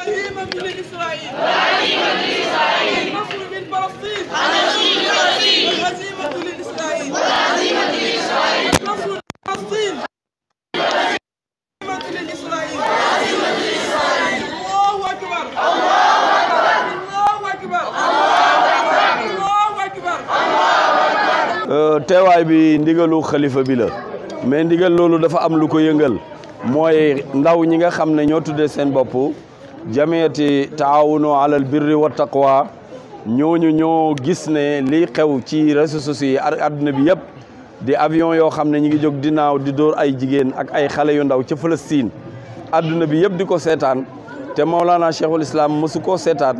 بريئا من إسرائيل بريئا من إسرائيل النصر من فلسطين النصر من فلسطين والهزيمة لإسرائيل والهزيمة لإسرائيل النصر لفلسطين والهزيمة لإسرائيل والهزيمة لإسرائيل الله أكبر الله أكبر الله أكبر الله أكبر الله أكبر teewaay bi ndigalu xalifa bi la mais ndigal loolu dafa am lu ko yëngal mooy ndaw ñi nga xam ne ñoo tuddee seen bopp jamiyati taawunu alal birri wa taqwa ñooñu ñoo gis ne lii xew ci réseaux sociaux yi adduna bi yëpp di avion yoo xam ne ñi ngi jóg dinaaw di dóor ay jigéen ak ay xale yu ndaw ca Palestine adduna bi yëpp di ko seetaan te Mawlana Cheikhul Islam mosu koo seetaan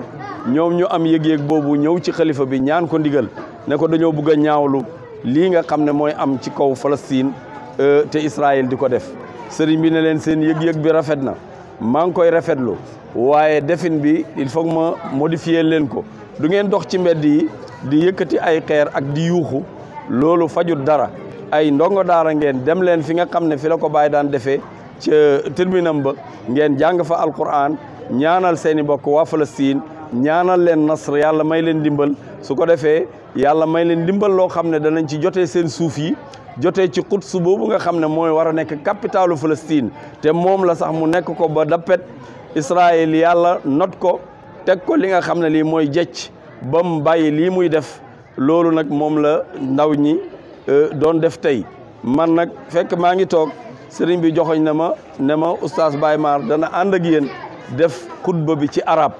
ñoom ñu am yëg-yëg boobu ñëw ci xalifa bi ñaan ko ndigal ne ko dañoo bëgg a ñaawlu lii nga xam ne mooy am ci kaw Palestine e, te Israël di ko def sëriñ bi ne leen seen yëg-yëg bi rafet na maa ngi koy rafetlu waaye defin bi il faut ma modifier leen ko du ngeen dox ci mbedd yi di yëkkati ay xeer ak di yuuxu loolu fajut dara ay ndongo daara ngeen dem leen fi nga xam ne fi la ko bàyyi daan defee ca terminam ba ngeen jàng fa alquran ñaanal seeni bokk waa Palestine ñaanal leen nasr yàlla may leen dimbal su ko defee yàlla may leen dimbal loo xam ne danañ ci jotee seen suuf yi jotee ci Quds boobu nga xam ne mooy war a nekk capitalu Palestine te moom la sax mu nekk ko ba dappet Israël yàlla not ko teg ko li nga xam ne lii mooy jecc ba mu bàyyi lii muy def loolu nag moom la ndaw ñi euh, doon def tey man nag fekk maa ngi toog sëriñ bi joxoñ na ma ne ma oustaz Baye dana ànd ak yéen def xutba bi ci arab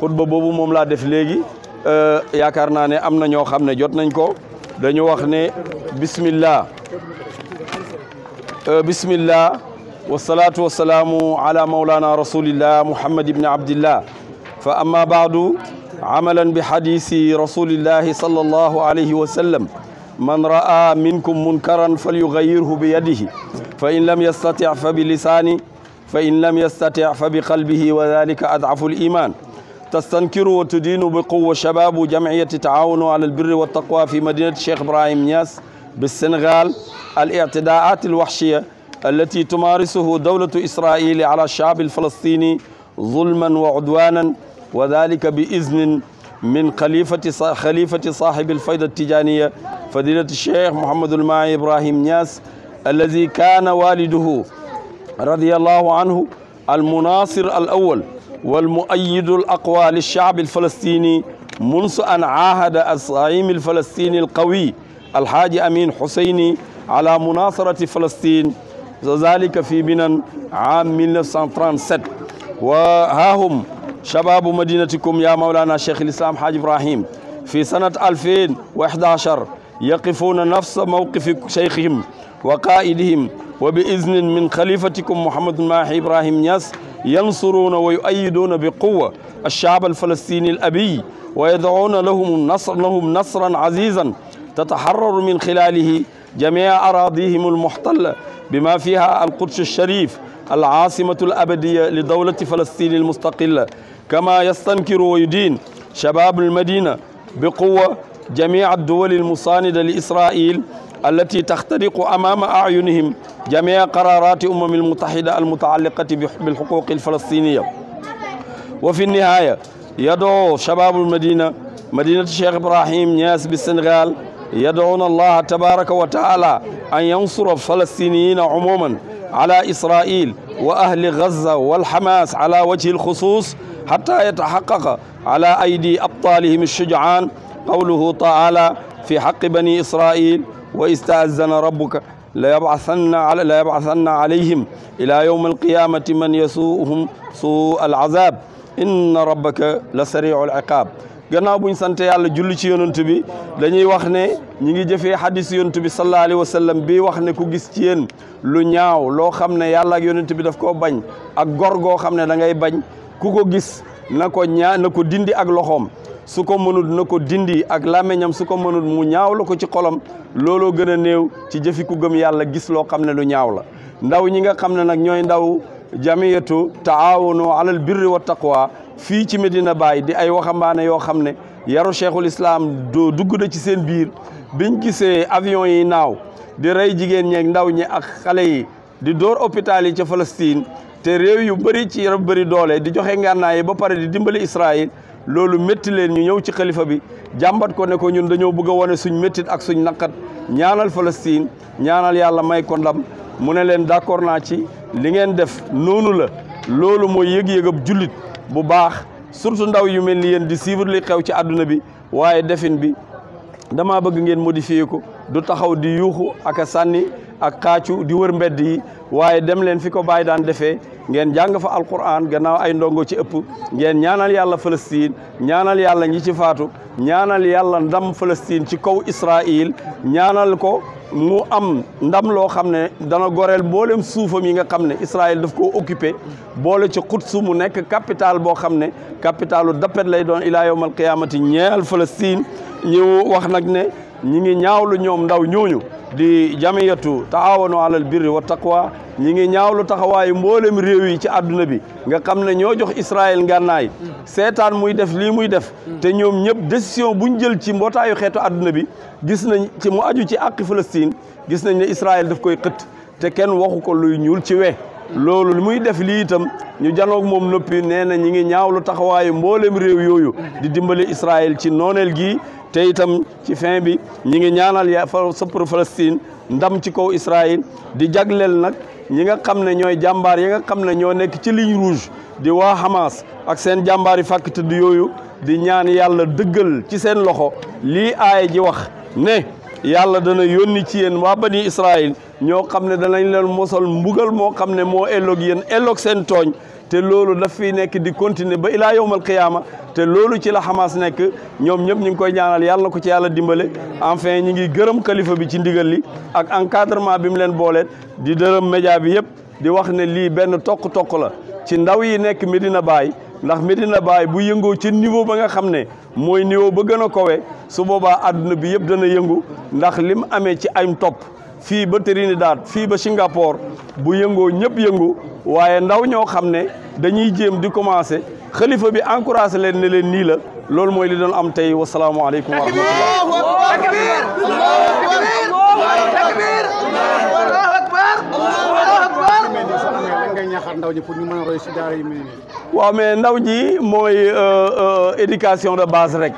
xutba boobu moom laa def léegi euh, yaakaar naa ne am na ñoo xam ne jot nañ ko dañu wax ne bismillah euh, bismillah والصلاة والسلام على مولانا رسول الله محمد بن عبد الله فأما بعد عملا بحديث رسول الله صلى الله عليه وسلم من رأى منكم منكرا فليغيره بيده فإن لم يستطع فبلسانه فإن لم يستطع فبقلبه وذلك أضعف الإيمان تستنكر وتدين بقوة شباب جمعية تعاون على البر والتقوى في مدينة الشيخ إبراهيم نياس بالسنغال الاعتداءات الوحشية التي تمارسه دولة إسرائيل على الشعب الفلسطيني ظلما وعدوانا وذلك بإذن من خليفة خليفة صاحب الفيضة التجانية فضيلة الشيخ محمد الماعي إبراهيم نياس الذي كان والده رضي الله عنه المناصر الأول والمؤيد الأقوى للشعب الفلسطيني منذ أن عاهد الزعيم الفلسطيني القوي الحاج أمين حسيني على مناصرة فلسطين zalika fi binan am 1937 wa hahum shababu madinatikum ya maulana cheikh lislam haaj ibrahim fi sanat 2011 yaqifuuna nafsa mawqifi cheikhihim wa qaa'idihim wa bi iznin min khalifatikum muhammad mahi ibrahim Niass yansuruuna wa yu'ayyiduuna bi quwwa الشعب الفلسطيني الأبي ويدعون لهم نصر لهم نصرا عزيزا تتحرر من خلاله جميع أراضيهم المحتلة بما فيها القدس الشريف العاصمة الأبدية لدولة فلسطين المستقلة كما يستنكر ويدين شباب المدينة بقوة جميع الدول المساندة لإسرائيل التي تخترق أمام أعينهم جميع قرارات أمم المتحدة المتعلقة بالحقوق الفلسطينية وفي النهاية يدعو شباب المدينة مدينة الشيخ إبراهيم نياس بالسنغال يدعون الله تبارك وتعالى أن ينصر الفلسطينيين عموما على إسرائيل وأهل غزة والحماس على وجه الخصوص حتى يتحقق على أيدي أبطالهم الشجعان قوله تعالى في حق بني إسرائيل وإستأذن ربك ليبعثن على ليبعثن عليهم إلى يوم القيامة من يسوءهم سوء العذاب إن ربك لسريع العقاب gannaaw ñu sante yàlla julli ci yonent bi dañuy wax ne ñi ngi jëfee hadis yonent bi sallallahu alayhi sallam bi wax ne ku gis ci yéen lu ñaaw loo xam ne yàlla ak bi daf koo bañ ak gor goo xam ne da ngay bañ ku ko gis na ko na ko dindi ak loxoom su ko mënul na ko dindi ak làmmiñam su ko mënul mu ñaaw la ko ci xolom looloo gën a néew ci jëfi ku gëm yàlla gis loo xam ne lu ñaaw la ndaw ñi nga xam ne nag ñooy ndaw jamiyatu taawunu alal birri wa taqwa fii ci Medina Baye di ay waxambaane yoo xam ne yaru cheikhul islam doo dugg na ci seen biir biñ gisee avion yi naaw di rey jigéen ñeeg ndaw ñi ak xale yi di door hôpital yi ca Palestine te réew yu bëri ci yaram bëri doole di joxe ngànnaay yi ba pare di dimbali Israël loolu métti leen ñu ñëw ci xalifa bi jàmbat ko ne ko ñun dañoo bëgg a wane suñ méttit ak suñ naqat ñaanal Palestine ñaanal yàlla may ko ndam mu ne leen d'accord naa ci li ngeen def noonu la loolu mooy yëg-yëgab jullit bu baax surtout ndaw yu mel ni yen di suivre li xew ci àdduna bi waaye defin bi dama bëgg ngeen modifier ko du taxaw di yuuxu ak sànni ak xaacu di wër mbedd yi waaye dem leen fi ko bàyyi daan defee ngeen jàng fa alquran gannaaw ay ndongo ci ëpp ngeen ñaanal yàlla Palestine ñaanal yàlla ñi ci faatu ñaanal yàlla ndam Palestine ci kaw Israël ñaanal ko mu am ndam loo xam ne dana goreel boolem suufam yi nga xam ne Israël daf ko occupé boole ci Quds mu nekk capital boo xam ne capitalu dappet lay doon ilaa yawmal qiyaamati ñeel Palestine ñu wax nag ne ñi ngi ñaawlu ñoom ndaw ñooñu di jamiyatu taawanu alal birri wa taqwa ñi ngi ñaawlu taxawaayu mboolem réew yi ci àdduna bi nga xam ne ñoo jox Israël ngànnaay seetaan muy def lii muy def te ñoom ñëpp décision buñ jël ci mbootaayu xeetu àdduna bi gis nañ ci mu aju ci àqi Palestine gis nañ ne Israël daf koy xëtt te kenn waxu ko luy ñuul ci we loolu li muy def lii itam ñu janoog moom noppi nee na ñi ngi ñaawlu taxawaayu mboolem réew yooyu di dimbali Israël ci nooneel gi te itam ci fin bi ñi ngi ñaanal ya fa sëppar Palestine ndam ci kaw Israël di jagleel nag ñi nga xam ne ñooy jàmbaar yi nga xam ne ñoo nekk ci ligne rouge di waa Hamas ak seen jàmbaar yi fàkk tëdd yooyu di ñaan yàlla dëggal ci seen loxo lii aay ji wax ne yàlla dana yónni ci yéen waa bani Israël ñoo xam ne danañ leen mosol mbugal moo xam ne moo elloog yéen elloog seen tooñ te loolu daf fiy nekk di continuer ba ilaa yowmal qiyaama te loolu ci la Hamas nekk ñoom ñëpp ñu ngi koy ñaanal yàlla na ko ci yàlla dimbale enfin ñu ngi gërëm kalifa bi ci ndigal li ak encadrement bi mu leen booleet di dërëm média bi yëpp di wax ne lii benn tokk-tokk la ci ndaw yi nekk Medina Baye ndax Medina Baye bu yëngoo ci niveau ba nga xam ne mooy niveau ba gën a kowe su boobaa àdduna bi yëpp dana yëngu ndax lim amee ci ay topp fii ba Trinidad fii ba Singapore bu yëngoo ñëpp yëngu waaye ndaw ñoo xam ne dañuy jéem di commencé xalifa bi encouragé leen ne leen nii la loolu mooy li doon am tey wasalaamualeykum wa rahmatullah waaw mais ndaw ji mooy euh, euh, éducation de base rek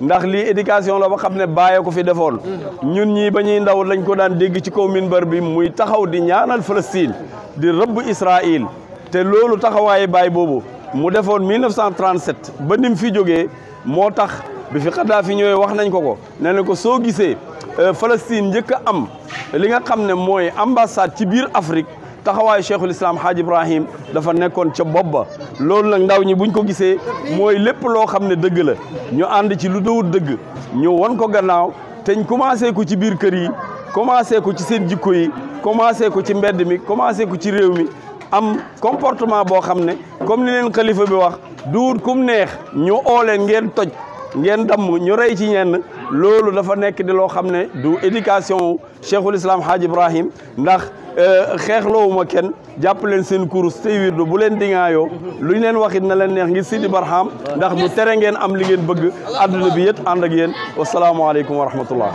ndax lii éducation la ba xam ne bàyyee ko fi defoon ñun ñii ba ñuy ndaw lañ ko daan dégg ci kaw minbar bi muy taxaw di ñaanal Palestine di rëbb Israël te loolu taxawaayu baay boobu mu defoon 1937 ba nim fi jógee moo tax bi fi Kadhafi ñëwee wax nañ ko ko nee na ko soo gisee euh, Palestine njëkk a am li nga xam ne mooy ambassade ci biir Afrique taxawaayu cheikhul islam haaj ibrahim dafa nekkoon ca bopp ba loolu nag ndaw ñi buñ ko gisee mooy lépp loo xam ne dëgg la ñu ànd ci lu dowut dëgg ñu won ko gannaaw teñ commencé ko ci biir kër yi commencé ko ci seen jikko yi commencé ko ci mbedd mi commencé ko ci réew mi am comportement boo xam ne comme ni leen xalifa bi wax duut kum neex ñu ooleen ngeen toj ngeen damm ñu rey ci ñenn loolu dafa nekk di loo xam ne du éducation cheikhul islam haaj ndax xeexloowu ma kenn jàpp leen seen kurus tey wirdu bu leen dingaayoo lu ñu leen waxit na leen neex ngi Sidi Barham ndax bu tere ngeen am li ngeen bëgg àdduna bi yëpp ànd ak yéen wasalaamualeykum wa rahmatullah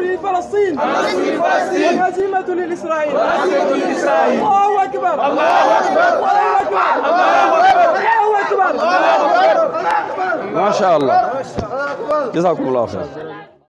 النصر لفلسطين النصر لفلسطين والهزيمة للإسرائيل والهزيمة للإسرائيل الله أكبر الله أكبر الله أكبر الله أكبر الله أكبر الله أكبر ما شاء الله جزاكم الله خير